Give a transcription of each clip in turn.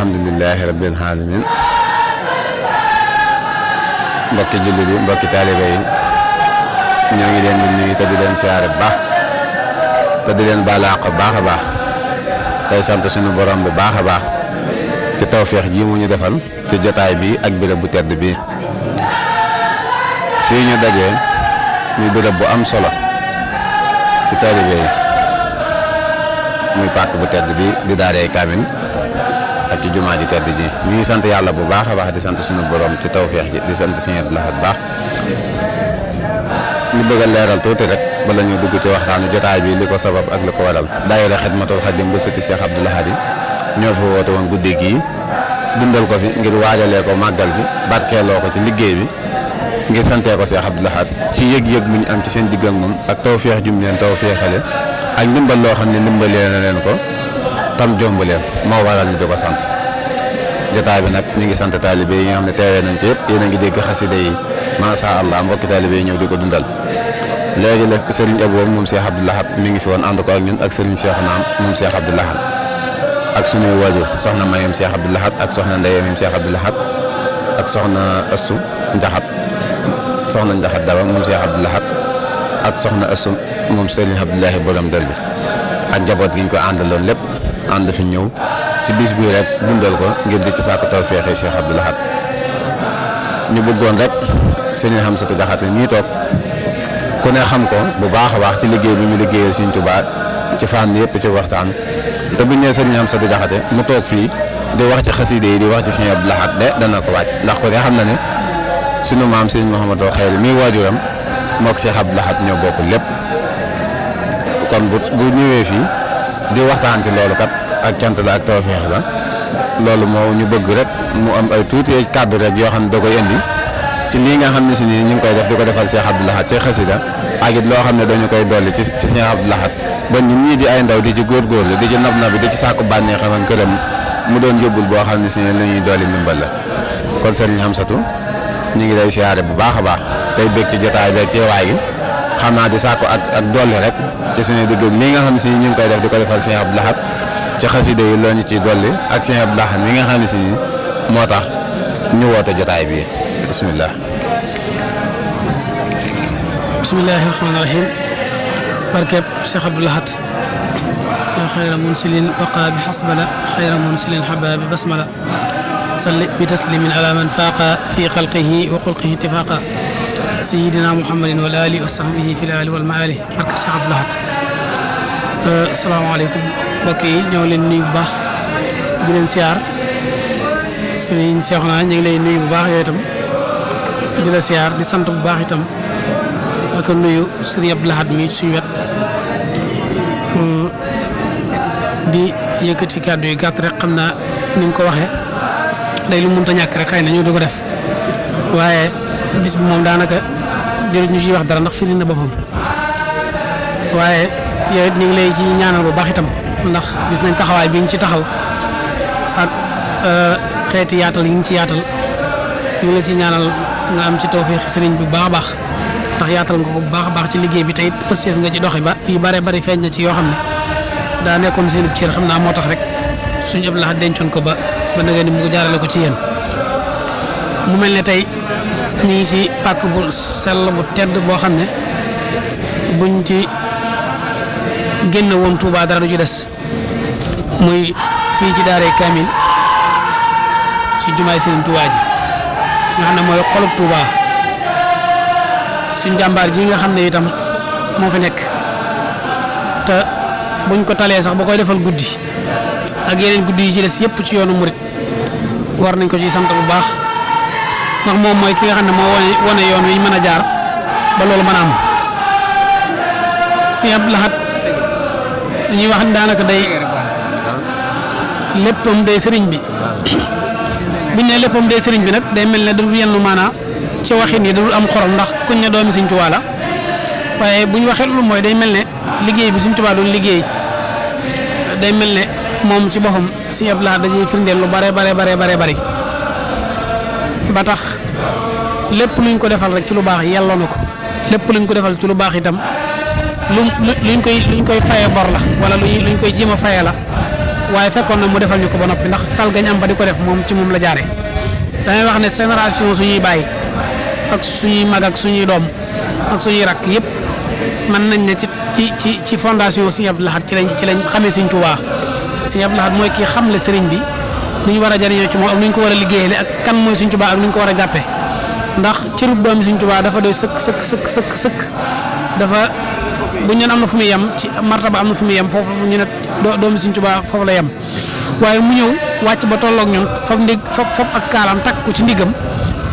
alhamdulillahi rabbil alamin mbokk jullit yi mbokki taalibe yi ñoo ngi leen di nuyu te di leen siyaare baax te di leen balaaq baax a baax tey sant suñu borom bu baax a baax ci tawfiix ji mu ñu defal ci jotaay bi ak bërëb bu tedd bi fii ñu dajee muy bërëb bu am solo ci talibé yi muy pàkk bu tedd bi di daaree kaamil ci jumaa ji tedd ji ñu ngi sant yàlla bu baax a baax di sant suñu borom ci tawféex ji di sant sëñ Abdou Lahad baax ñu bëgg a leeral tuuti rek bala ñu dugg ci waxtaanu jotaay bi li ko sabab ak li ko waral daayira Xidmatul Xadim ba sëti Cheikh Abdou Lahad yi ñoo fi woote woon guddi gii dundal ko fi ngir waajalee ko màggal bi barkeeloo ko ci liggéey bi ngir santee ko Cheikh Abdou Lahad ci yëg-yëg bu ñu am ci seen digg ak moom ak tawféex jum leen tawféexale ak ndimbal loo xam ne ndimbalee na leen ko tam jomb leen moo waral ñu di ko sant jotaay bi nag ñu ngi sant taalibe yi nga xam ne teewee nañ ko yëpp yéen a ngi dégg xasida yi macha allah mbokki taalibe yi ñëw di ko dundal léegi nag Serigne Abou moom Cheikh Abdou Lahad mi ngi fi woon ànd ko ak ñun ak Serigne Cheikh Naam moom Cheikh Abdou Lahad ak suñuy waajur soxna Mayem Cheikh Abdou Lahad ak soxna Ndeyem Cheikh Abdou Lahad ak soxna Astu Njaxat soxna Njaxat Daba moom Cheikh Abdou Lahad ak soxna Astu moom Serigne Abdoulahi borom dër bi ak njaboot gi ñu ko àndaloon lépp ànd fi ñëw ci bis bii rek dundal ko ngir di ci sàkku taw feexee Cheikh Abdou Lahad ñu bëggoon rek sëñ Hamsatu Jaxate ñuy toog ku ne xam ko bu baax a baax ci liggéey bi mu liggéeyal Sëñ Tuubaa ci fànn yëpp ci waxtaan te bu ñu nee sëñ Hamsatu Jaxate mu toog fii di wax ci xaside yi di wax ci Sëñ Abdou Lahad de dana ko wàcc ndax ko ne xam na ne suñu maam sëñ Mouhamadou Xayri mi waajuram mook Cheikh Abdou Lahad ñoo bokk lépp kon bu bu ñëwee fii di waxtaan ci loolu kat. ak cant la ak tawfeex la loolu moo ñu bëgg rek mu am ay tuuti kàddu rek yoo xam ne da koy indi ci lii nga xam ne si nii ñu ngi koy def di ko defal Cheikh Abdou Lahad ci xasida ak it loo xam ne dañu koy dolli ci ci Cheikh Abdou Lahad ba ñun ñii di ay di ci góorgóorlu di ci nab nabi di ci sàkku bànnee xaman këram mu doon yóbbul boo xam ne si ne lu ñuy dolli ndimbal la kon sëriñ Hamsatu ñu ngi lay siyaare bu baax a baax tey bég ci jotaay beeg teewaay gi xam naa di sàkku ak ak dolli rek ci suñu dugg lii nga xam ne si ñu ngi koy def di ko defal si Cheikh Abdou Lahad تجد أنك تجد أنك تجد أنك تجد أنك تجد أنك تجد بسم الله بسم الله الرحمن الرحيم مركب شيخ عبد الهات خير منسلين وقى بحسبلة خير منسلين حباب بسملة صل بتسليم على من فاق في خلقه وقلقه اتفاقا سيدنا محمد والآل وصحبه في الآل والمآل مركب شيخ عبد الهات السلام عليكم mbokk yi ñoo leen nuyu bu baax di leen siyaar sëriñ Seexuna ñu ngi lay nuyu bu baax yow itam di la siyaar di sant bu baax itam ak nuyu mi suñu wet hmm, di yëkkati kàddu yi gàtt rek xam naa ni ko waxee day lu mënta ñàkk rek xëy na ñu du ko def waaye bis bi moom daanaka jërëjëf ñu ciy wax dara ndax firi na boppam waaye yow it ñu ngi lay ci ñaanal bu baax itam ndax gis nañ taxawaay biñ ci taxaw ak euh, xeeti yaatal yiñ ci yaatal ñu la ci ñaanal nga am ci tawfiq sëriñ bu baax baax ndax yaatal nga ko bu baax baax ci liggéey bi tey pësseef nga ci doxi ba yu bare bari feeñ na ci yoo xam ne daa nekkoon seen cër xam naa moo tax rek suñu ëpp laxa dencoon ko ba ba na ni mu jaarale ko ci yéen mu mel ne tey ñu ci pàkk bu sell bu tedd boo xam ne buñ ci genn won Touba dara du ci dess muy fi ci daaree Kamil ci jumaay Serigne Touba ji nga xamne moy mooy Touba suñu jambar ji nga xamne itam mo fi nek te buñ ko talé sax bakoy defal guddi ak yeneen guddi yi ci dess yépp ci yoonu murit war nañ ko ci sant bu baax ndax mom moy ki nga xamne mo woné wane yoon jaar ba lolu mëna am si ñuy wax ni daanaka day léppam day sëriñ bi buñ ne léppam day sëriñ bi nag day mel ne dadul yenn maanaa ci waxin yi dadul am xorom ndax kuñ ne doomi Sëriñ Tuubaa la waaye bu ñu waxee loolu mooy day mel ne liggéey bi Sëriñ Tuubaa doon liggéey day mel ne moom ci boppam Sëriñ Abdul Ahad dañuy firndeel lu bare bare bare bare bari ba tax lépp luñ ko defal rek ci lu baax yelloo na ko lépp luñ ko defal ci lu baax itam lu luñ koy luñ koy faye bor la wala luñ koy jéem a faye la waaye fekkoon na mu defal ñu ko ba noppi ndax tal gañ am ba di ko def moom ci moom la jaare damay wax ne génération suñuy bàyyi ak suñuy mag suñuy doom ak suñuy rakk yëpp mën nañ ne ci ci ci ci fondation Sëñ Abdou Lahad ci lañ ci lañ xamee Sëñ Tuubaa Sëñ Abdou Lahad mooy kii xam xamle sëriñ bi ni ñu war a jëriñoo ci moom ak ni ñu ko war a liggéeyale ak kan mooy Sëñ Tuubaa ak ni ñu ko war a jàppee ndax cërub doomi Sëñ Tuubaa dafa doy sëkk sëkk sëkk sëkk dafa bu ñu am na fu muy yem ci martaba am na fu muy yem foofu ñu ne doomu suñ Tuubaa foofu la yem waaye mu ñëw wàcc ba tolloog ñun fab ndig fab ak kaalaam takk ko ci ndiggam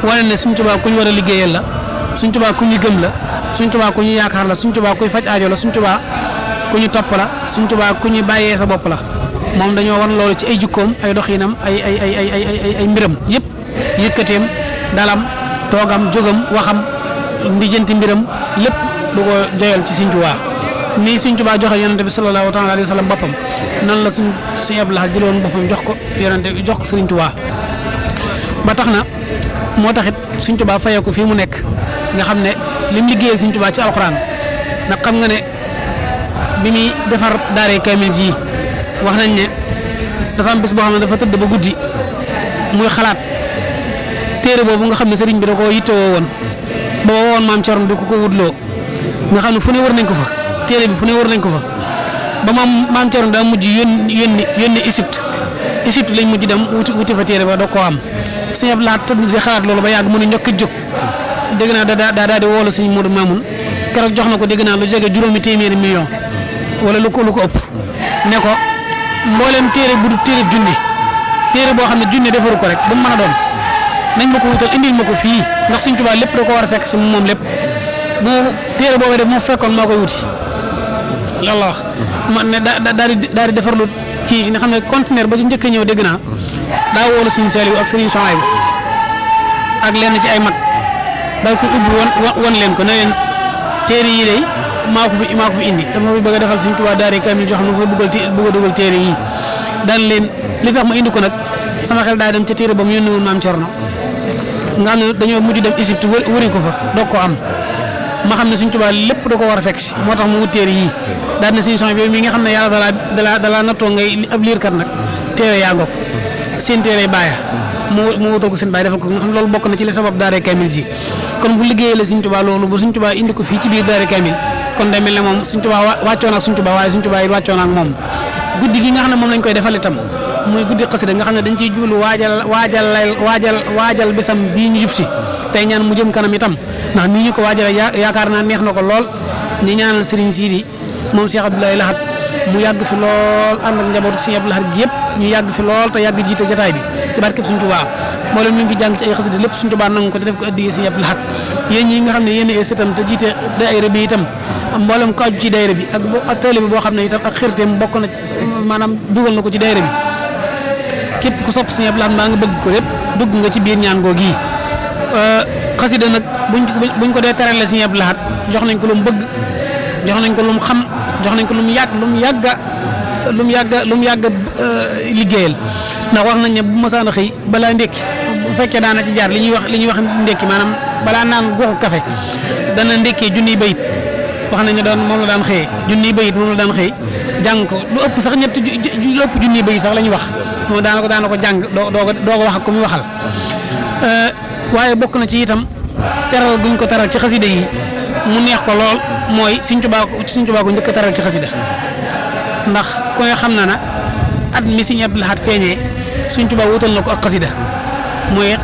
wane ne Sëriñ Tuubaa ku ñu war a liggéeyal la Sëriñ Tuubaa ku ñu gëm la suñ Tuubaa ku ñu yaakaar la suñ Tuubaa kuy faj aajo la Sëriñ Tuubaa ku ñu topp la Sëriñ Tuubaa ku ñu bàyyee sa bopp la moom dañoo wan loolu ci ay jukkoom ay doxinam ay ay ay ay ay ay mbiram yëpp yëkkateem dalam toogam jógam waxam ndijanti mbiram lépp du ko joyal ci seigne touba ni seigne touba joxe yonente bi sallallahu alaihi wasallam bopam nan la seigne seigne abdullah jilon bopam jox ko yonente jox ko seigne touba ba taxna na moo taxit Sëñ ko fi mu nek nga xamné lim liggéeyal seigne touba ci alquran na xam nga né bi mi defar daaree kamil ji wax nañ né dafa am bis bo xamné dafa tëdd ba guddi muy xalaat téré bobu nga xamné ne bi da ko yittewoo woon ba maam Thierno du ko ko wudlo nga xam ne fu ne war nañ ko fa téere bi fu ne war nañ ko fa ba maam maam Thierno daa mujj yónni yónni yónni Égypte Égypte lañ mujj dem wuti wuti fa téere ba doo koo am sëñ Abdou Lahad tëdd ba yàgg mu ne ñokk jóg dégg naa daa daa daa di woolu sëñ Modou Mamoun jox na ko dégg naa lu jege juróomi téeméeri million wala lu ko lu ko ëpp ne ko mbooleem téere bu du téere junni téere boo xam ne junni defaru ko rek bu mu a doon nañ ma ko wutal indil ma ko fii ndax Sëñ Tuubaa lépp da ko war a fekk si moom lépp ba téere boobee def mu fekkoon moo koy wuti loolu la wax ma ne daa di daa defar lu kii nga xam ne conteneur ba ci njëkk ñëw dégg naa daa wóolu suñu seel ak sëriñ soxnaay ak lenn ci ay mat daal ko ubbi won won leen ko ne leen téere yi day maa ko fi indi dama moo bëgg a defal suñu Tuubaa daari kamil joo xam ne fa bëggal té bëgg a dugal téere yi daal leen li tax ma indi ko nag sama xel daa dem ca téere ba mu yónni woon maam Cerno nga xam ne dañoo mujj dem Égypte wëri ko fa doog ko am ma xam ne suñ Tuubaa lépp da ko war a fekk si moo tax mu wut téere yii daal na siy bi mi nga xam ne yàlla dalaa dalaa dalaa nattoo ngay ab liirkat nag téere yaa ngoog seen téere baaya mu mu wutal ko seen baay defal ko nga xam loolu na ci la sabab daare kamil ji kon bu liggéeyee la suñ Tuubaa loolu ba suñ Tuubaa indi ko fii ci biir daare kamil kon demel ne moom suñ Tuubaa wàccoon ak suñ Tuubaa waaye suñ Tuubaa it wàccoon moom guddi gi nga xam ne moom lañ koy defal itam muy guddi xasida nga xamne dañ ci jublu wajal wajal lay wajal waajal bisam bi ñu jub tay ñaan mu jëm kanam itam na ni ñu ko wajal ya, yaakar na neex nako lool ni ñaanal Serigne Sidi mom Cheikh Abdoulaye lahad mu yàgg fi lool and ak njabootu cheikh Abdoulaye lahad yépp ñu yàgg fi lool ta yàgg jité jotaay bi ci suñu tuba mo leen ñu ngi jang ci ay xasida lepp suñu tuba nang ko def ko addi cheikh Abdoulaye lahad yeen ñi nga xamne yeen ay sëtam ta jité daayira bi itam mbolam ko ci daayira bi ak télé bi bo xamne itam ak xirtem bokk na manam duggal nako ci daayira bi képp ku sopp Serigne Abdou Lahad nga bëgg ko lépp dugg nga ci biir ñaan googu euh xasida nak buñ buñ ko dé téralé Serigne Abdou jox nañ ko lu mu bëgg jox nañ ko lu mu xam jox nañ ko lu mu yàgg lu mu yàgg lu mu yàgg lu mu euh liggéeyal na wax nañ ne bu ma saana xey bala ndek bu fekkee daana ci jaar liñuy wax liñuy wax ndek manam bala naan gox café dana ndékkee junniy beuy wax nañ ne doon mom la daan xey junniy beuy mom la daan xey jang ko lu ëpp sax ñett ju lopp ju ni bëgg sax lañ wax mo daan ko daan ko jang do do ko wax ak kumuy waxal euh waye bokk na ci itam teral buñ ko teral ci xassida yi mu neex ko lool moy señ tuba señ tuba ko ñëk teral ci xassida ndax ko nga xam na na at mi señ abdul hat feñe señ tuba wutal nako ak xassida moy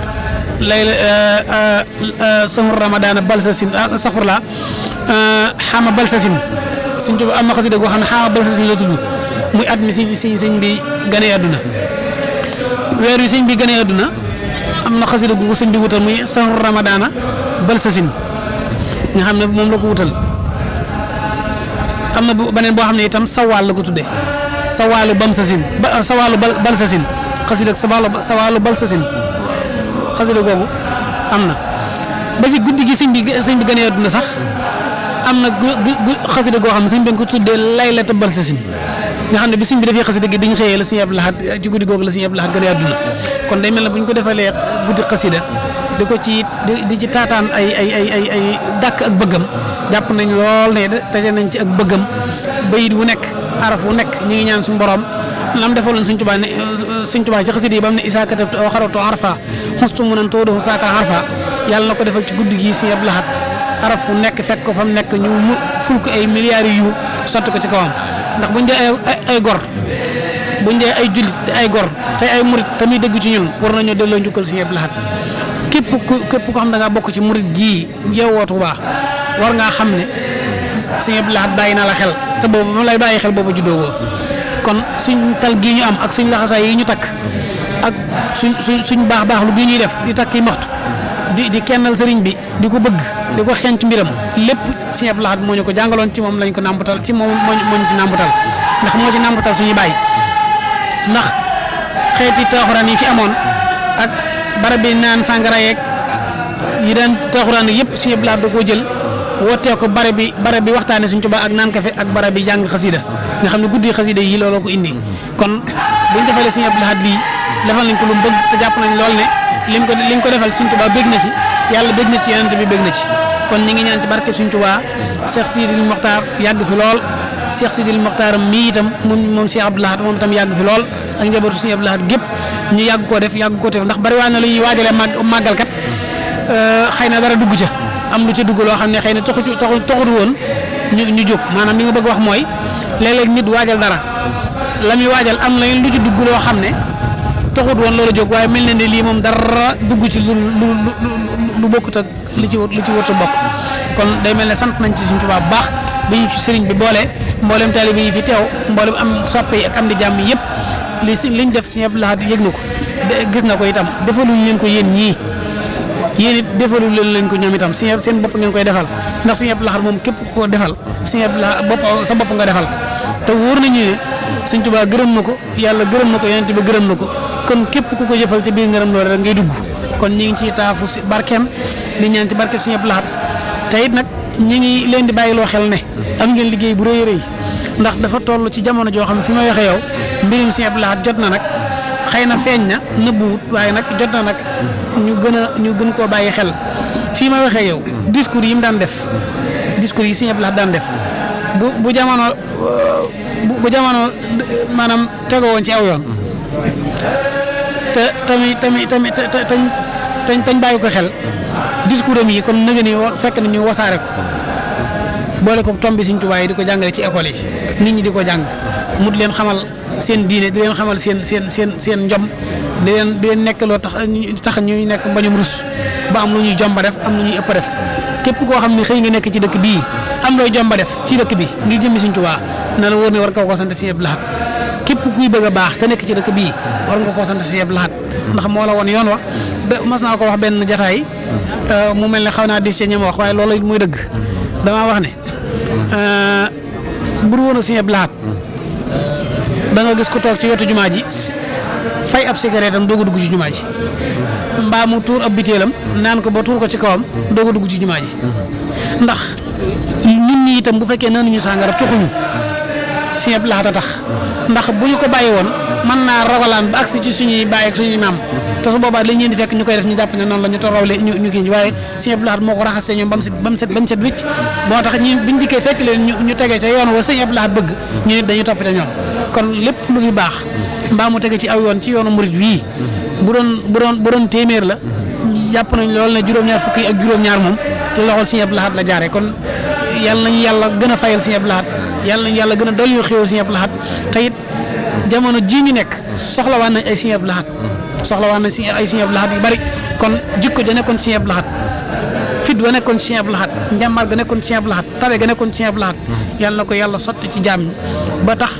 euh, euh, euh, sahur ramadan balsasin ah, safur la euh xama balsasin Sëñ Tuubaa am na xasida goo xam ne xaaral bal si la tudd muy at mi si si sëñ bi gane àdduna weer wi sëñ bi gane àdduna am na xasida gu sëñ bi wutal muy sahru ramadaana bal sasin nga xam ne moom la ko wutal am na beneen boo xam ne itam sawaal ko tuddee sawaalu bam sasin ba sawaalu bal bal sasin xasida ak sawaalu bal sasin xasida googu am na ba ci guddi gi sëñ bi sëñ bi gane sax. am na gu gu xasida goo xam ne sëñ bi ko tuddee laylata barsasin nga xam ne bi sëñ bi defee xasida gi dañ xëyee la sëñ Abdou Lahad ci guddi googu la sëñ Abdou Lahad gën a àdduna kon day mel ne bu ñu ko defalee guddi xasida di ko ci di ci taataan ay ay ay ay ay dàkk ak bëggam jàpp nañ lool ne taje nañ ci ak bëggam bayit wu nekk araf wu nekk ñu ngi ñaan suñu borom lam defaloon suñ tubaa ne euh, suñ tubaa ci xasida yi ba mu ne isaa katabtu aw xaratu arfa xustu mu nan too doxu saaka arfa yàlla na ko defal ci guddi gi sëñ Abdou Lahad xaraf fu nekk fekk ko fam mu nekk ñu mu ful ko ay milliards yu sotti ko ci kawam ndax buñ dee ay gor buñ dee ay jullit ay gor te ay murit te muy dëgg ci ñun war nañu delloo njukkal si ñëpp hat képp ku képp ko xam da nga bokk ci gi yow yeewoo Tuuba war nga xam ne si ñëpp bàyyi la xel te boobu mu lay bàyyi xel boobu juddoo ko kon suñ tal gii ñu am ak suñ laxasaay yi ñu takk ak suñ suñ suñ baax baax lu gii ñuy def di takk yi maxtu di di kennal sering bi di ko bëgg di ko xeeñ mbiram lepp Sëriñ Abdou Lahad ñu ko jangalon ci mom lañ ko nàmbatal ci mom moo ñu ci nàmbatal ndax mo ci nàmbatal suñu bay ndax xeeti taxuran yi fi amoon ak barab naan sàngara yeeg yi daan taxuran yëpp Sëriñ Abdou Lahad da jël ko barabi barabi waxtane suñu tuba ak naan kafe ak barabi jang khasida nga xamni guddi yi ko indi kon buñu defale Sëriñ Abdou li defal nañ ko lu bëgg te japp nañ lool ne lim ko lim ko defal Serigne Touba bég na ci yàlla bég na ci yonent bi bég na ci kon ñi ngi ñaan ci barke Serigne Touba Cheikh Sidil Mokhtar yàgg fi lool Cheikh Sidil Mokhtar mi itam moom Cheikh Abdou Lahad moom itam fi lol ak njabootu Cheikh Abdou Lahad ñu yàgg koo def yàgg koo def ndax bari waa na lu ñuy kat euh, xëy na dara dugg ca am lu ca dugg loo xam ne xëy na taxu taxu taxut woon ñu ñu jóg maanaam li nga bëgg wax mooy léeg nit waajal dara la muy waajal am na lu ci dugg loo xam taxut woon loolu jóg waaye mel na ni lii moom dara dugg ci lu lu lu bokkut ak lu ci lu ci wër sa mbokk kon day mel ne sant nañ ci suñ tubaab baax ba ñu ci sëriñ bi boole mboolem taalibe yi fi teew mboolem am soppe yi am di jàmm yëpp li si liñ def si ñëpp laxaat yëg na ko gis na ko itam defaluñ leen ko yéen ñii yéen it leen lañ ñoom itam si seen bopp ngeen koy defal ndax si ñëpp laxaat moom képp ko defal si ñëpp laxaat bopp sa bopp nga defal te wóor nañu ne suñ tubaab gërëm na ko yàlla gërëm na ko yonent bi gërëm na ko. kon kep ku ko jëfal ci biir ngërëm lo rek ngay dugg kon ñi ngi ci tafu ci barkem ni ñaan ci barkeem suñu Abdou tay nak ñi ngi leen di bàyyiloo xel ne am ngeen liggey bu reey reey ndax dafa tollu ci jamono jo xam ne fi ma yow mbirum suñu Abdou jot na nak xeyna feñ na nebuut waye nak jot na nak ñu gëna ñu gën ko bayyi xel ma yow discours yi daan def discours yi suñu dan daan def bu bu jamono bu jamono manam tegoo woon ci aw yoon te tamit tamit tamit tañ tañ bàyyi ko xel discours am yi kon nëgë ni fekk na ñu wasaare ko boole ko tomb bi Sëriñ Tuubaa yi di ko jàngale ci école yi nit ñi di ko jàng mut leen xamal seen diine di leen xamal seen seen seen seen njom di leen di nekk loo tax tax ñuy nekk mbañum rus ba am lu ñuy jomba def am lu ñuy ëpp def képp koo xam ne xëy nga nekk ci dëkk bii am looy jomba def ci dëkk bi ngir jëmmi Sëriñ Tuubaa na la wóor ne war nga ko sant si Abdou Lahad kep kuy bëgg baax té nek ci dëkk bi war nga ko sant ci yëpp laat ndax mo la won yoon wa mas naa ko wax ben jotaay euh mu melni xawna di señ ñam wax way loolu muy dëgg dama wax né euh buru wona señ yëpp laat da nga gis ku tok ci yottu jumaaji fay ab cigarette am dogu a dugg ci jumaaji mba mu tour ab bitéelam naan ko ba tour ko ci kawam dogu a dugg ci jumaaji ndax nit ñi itam bu fekkee naanuñu sàngara tuxuñu Serigne Abdou Lahad tax ndax buñu ko bàyyi won man na rogalan ba aksi ci suñu baye ak suñu mam te su boba li ñeen di fekk ñukoy def ñu japp ne non la ñu torawle ñu ñu giñ waye Serigne Abdou moko moo ñom bam ñoom ba mu set ba set bañ set wicc bo tax ñi biñ dikke fekk leen ñu ñu tegee ca yoon wa Serigne Abdou bëgg ñi nit dañuy toppite ñoom kon lepp lu fi bax mbaa mu tege ci aw yoon ci yoonu mourid wi bu doon bu doon bu doon témèr la japp nañ lool ne juroom ñaar fukki ak juroom ñaar mom te loxol Serigne Abdou la jaare kon yalla nañu yalla gëna fayal Serigne Abdou yàlla nañu yàlla gën a dolli ñu xéew Sëriñ Abdou Lahad jamono jii ñu nekk soxlawaan nañ ay Sëriñ Abdou Lahad soxlawaan nañ si ay Sëriñ Abdou yu bari kon jikko ja nekkoon Sëriñ Abdou Lahad fit wa nekkoon Sëriñ Abdou Lahad njàmbaar ga nekkoon Sëriñ Abdou Lahad tabe ga nekkoon Sëriñ Abdou Lahad yàlla na ko yàlla sotti ci jaam ñi ba tax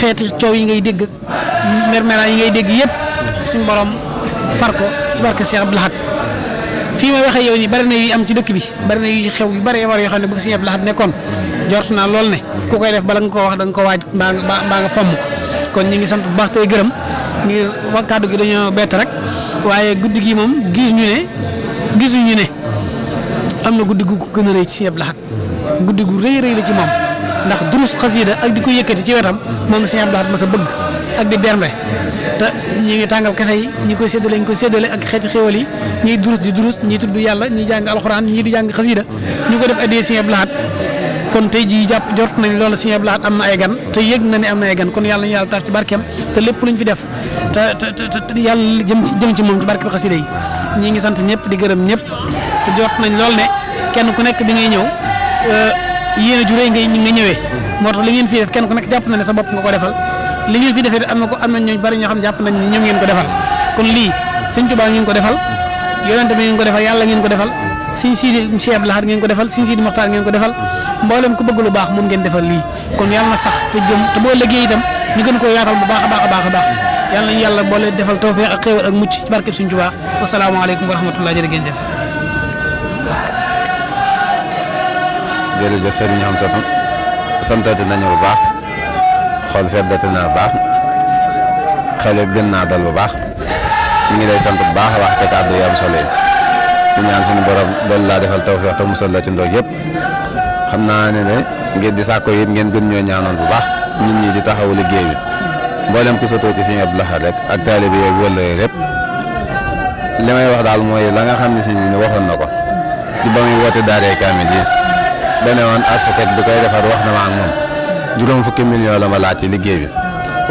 xeeti coow yi ngay dégg mermeraa yi ngay dégg yëpp suñ borom far ko ci barke Sëriñ fi may waxee yow nii bari na yuy am ci dëkk bi bari na yuy xew yu bari war yoo xam ne bëgg si ñëpp laxat nekkoon jort naa lool ne ku koy def bala nga ko wax da nga ko waaj mbaa nga mbaa nga fomm kon ñu ngi sant bu baax tey gërëm ngir wax kàddu gi dañoo bett rek waaye guddi gi moom gis ñu ne gisuñu ñu ne am na guddi gu gën a rëy ci ñëpp laxat guddi gu rëy rëy la ci moom ndax durus xasida ak di ko yëkkati ci wetam moom la si ñëpp laxat ma sa bëgg ak di bernde ta ñi ngi tangal kafe yi ñi ko séddale ñu ko séddale ak xéti xéwal yi ñi durus di durus ñi tuddu yalla ñi jang alcorane ñi di jang khasida ñi ko def adee sëñ Abdou kon tay ji japp jot nañ lolu sëñ Abdou amna na ay gan te yegg na ni amna ay gan kon yalla ñu yalla taaf ci barkem te lepp luñ fi def ta ta yalla jëm ci jëm ci mom ci barke khasida yi ñi ngi sant ñepp di gëreem ñepp te jot nañ lolu ne kenn ku nekk bi ngay euh yéen ju reey ngay nga ñëwee moo tax li ngeen fi def kenn ku nekk japp na ne sa bop nga ko defal li ngeen fi defé amna ko amna ñu bari ñu xam japp nañ ni ñoom ngeen ko defal kon li señ tuba ngeen ko defal yonente bi ngeen ko defal yalla ngeen ko defal señ Sidi Cheikh Abdou Lahad ngeen ko defal señ Sidi muxtar ngeen ko defal mbolam ku bëgg lu baax mun ngeen defal li kon yalla sax te jëm te bo liggéey itam ñu gën ko yaatal bu baax baax baax baax yalla ñu bo le defal tawfiq ak xewal ak mucc ci barkeb sëñ Tuubaa alaykum wa rahmatullahi jërë ngeen jëf jërëjëf sëriñ Hamsatu santaate nañu bu baax xool seddati na bu baax xel gën naa dal bu baax ñu ngi lay sant bu baax wax te kàddu yi am solo yi ñu ñaan suñu borom doon laa defal tawfeex te musal la ci ndox yëpp xam naa ne ne ngeen di sàkko yit ngeen gën ñoo ñaanoon bu baax nit ñi di taxaw liggéey bi mboolem ku sotoo ci Sëñ Abdou Lahad rek ak taalibe yeeg wala lépp li may wax daal mooy la nga xam ne si ni waxoon na ko ci ba muy woote daaree kaamil yi dane woon architecte bi koy defar wax na ma ak moom juróom fukki million la ma laaj ci liggéey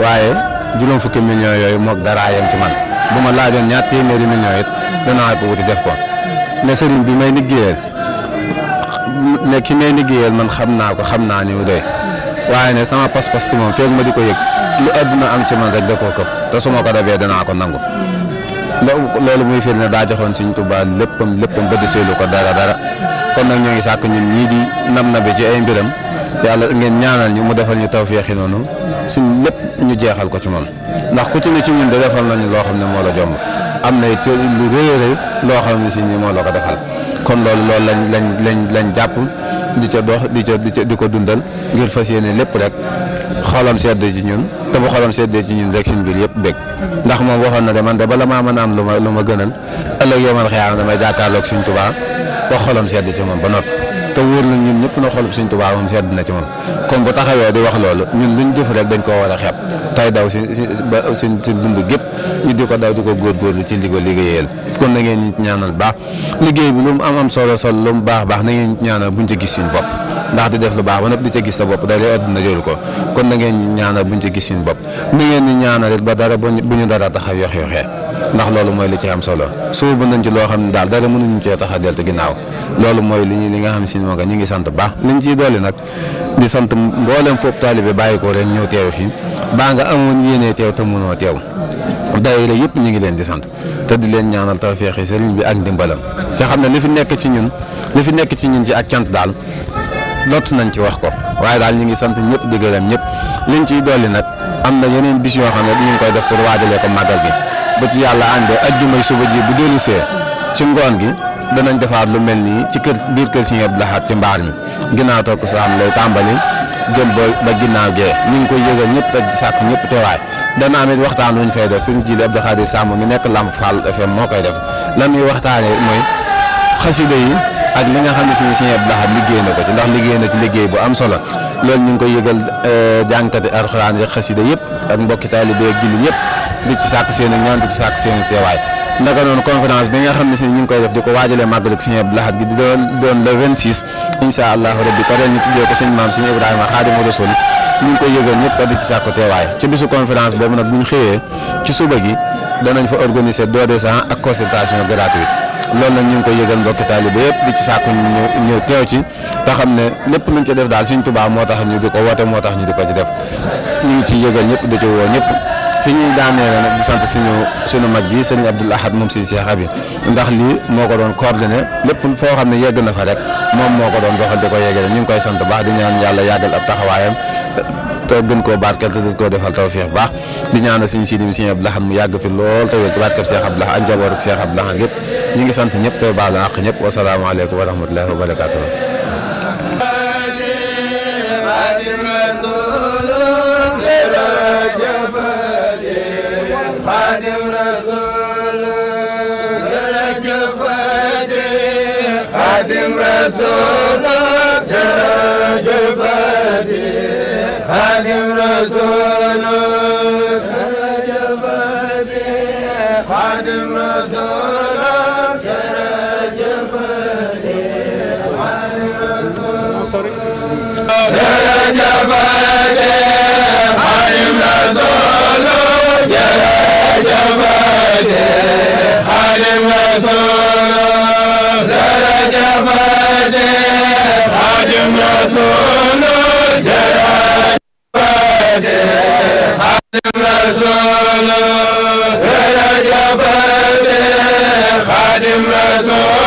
waaye juróom fukki million yooyu moog dara yem ci man bu ma laajoon ñaar téeméeri million it danaa ko wuti def ko mais sëriñ bi may liggéeyal ne ki may liggéeyal man xam naa ko xam naa ni mu doy waaye ne sama pas-pas ci moom feeg ma di ko yëg lu àdduna am ci man rek da ko këf te su ma ko defee danaa ko nangu loolu muy firnde daa joxoon Sëriñ Tuubaa léppam léppam ba di seelu ko dara dara kon nag ñoo ngi sàkk ñun ñii di nam na bi ci ay mbiram yàlla ngeen ñaanal ñu mu defal ñu tawféex yi noonu suñ lépp ñu jeexal ko ci moom ndax ku ci ne ci ñun de defal nañu loo xam ne moo la jomb am na it lu rëy a loo xam ne si ñi moo la ko defal kon loolu loolu lañ lañ lañ lañ jàpp di ca dox di ca di ca di ko dundal ngir fas yéene lépp rek xolam sedd ci ñun te bu xolam seddee ci ñun rek suñ biir yëpp bég ndax moom waxoon na de man de bala maa mën a am lu ma lu ma gënal ëllëg yow man xëy na damay jàkkaarloog suñ Tuubaa ba xolam sedd ci moom ba noppi te wóor la ñun ñëpp na xolub Sëñ Tuubaa moom sedd na ci moom kon bu taxawee di wax loolu ñun luñ jëf rek dañ koo war a xeeb tay daw si si ba si si dund gépp ñu di ko daw di ko góorgóorlu ci li ko liggéeyal kon na ngeen ñaanal baax liggéey bi lu mu am am solo solo lu mu baax baax na ngeen ñaanal buñ ci gis seen bopp ndax di def lu baax ba nag di ca gis sa bopp dara àdduna jël ko kon na ngeen bu ñu ci gis seen bopp ni ngeen di ñaanal it ba dara bu ñu dara tax a yox yoxee ndax loolu mooy li ci am solo sóobu nañ ci loo xam ne daal dara mënuñu cee tax a dellu ginnaaw loolu mooy li ñu li nga xam si moo nga ñu ngi sant baax liñ ciy dolli nag di sant mboolem foop taalibe bàyyi ko ren ñëw teew fii baa nga amoon yéenee teew te mënoo teew daayira yëpp ñu ngi leen di sant te di leen ñaanal tawfeexi sëriñ bi ak ndimbalam te xam ne li fi nekk ci ñun li fi nekk ci ñun ci ak cant daal lot nañ ci wax ko waaye daal ñu ngi sant ñëpp di gërëm ñëpp liñ ciy dolli nag am na yeneen bis yoo xam ne ñu ngi koy def pour waajalee ko màggal gi ba ci yàlla àndee ajjumay suba ji bu dellu see ci ngoon gi danañ defaat lu mel nii ci kër biir kër Sëriñ Abdou Lahad ci mbaar mi ginnaaw toog sa am lay tàmbali jëm ba ba ginnaaw gee ñu ngi koy yëgal ñëpp te sàkk ñëpp teewaay dana am it waxtaan wuñ fay def Sëriñ Jili Abdou Khadir Samb mu nekk Lamp Fall FM moo koy def lan muy waxtaanee mooy xasida yi ak li nga xam ne suñu sëñ Abdou Lahad liggéey na ko ci ndax liggéey na ci liggéey bu am solo loolu ñu ngi koy yëgal jàngkati alxuraan yi xasida yëpp ak mbokki taalibe ak jullit yëpp di ci sàkku seen ak ñaan di ci sàkku seen teewaay ndaka noonu conférence bi nga xam ne si ñu ngi koy def di ko waajalee màggal ak sëñ Abdou Lahad gi di doon doon le 26 incha allahu rabbi ko ren ñu tuddee ko sëñ maam sëñ Ibrahima Xaadimu Rasul ñu ngi koy yëgal ñëpp di ci sàkku teewaay ci bisu conférence boobu nag bu ñu xëyee ci suba gi danañ fa organiser don de sang ak consultation gratuite loolu nag ñu ngi koy yëgal mbokki ba yëpp di ci sàkku ñu teew ci te xam ne lépp luñ ci def daal suñu Tuubaa moo tax ñu di ko woote moo tax ñu di ko ci def ñu ngi ciy yëgal ñëpp di ci woo ñëpp fi ñuy daaneel nag di sant suñu suñu mag bi sëriñ Abdoul Ahad moom si Cheikh Abi ndax lii moo ko doon coordonné lépp foo xam ne yegg na fa rek moom moo ko doon doxal di ko yeggale ñu ngi koy sant baax di ñaan yàlla yàggal ab taxawaayam te gën koo barkeel te gën koo defal tawfeex baax di ñaanal sëñ Sidi mi sëñ Abdou Lahad mu yàgg fi lool te wér ci barkeb Cheikh Abdou Lahad ak njaboot ak Cheikh Abdou Lahad yëpp ñu ngi sant ñëpp te baalu àq ñëpp wasalaamaaleykum wa rahmatullahi wa barakatuh Rasul, Rasul, Rasul, Hakim Resulü Derece Fedi Hakim Resulü Derece Fedi Hakim Resulü Derece Fedi Hakim Resulü Derece Fedi Hakim Resulü Derece Fedi Hakim Resulü Lazarus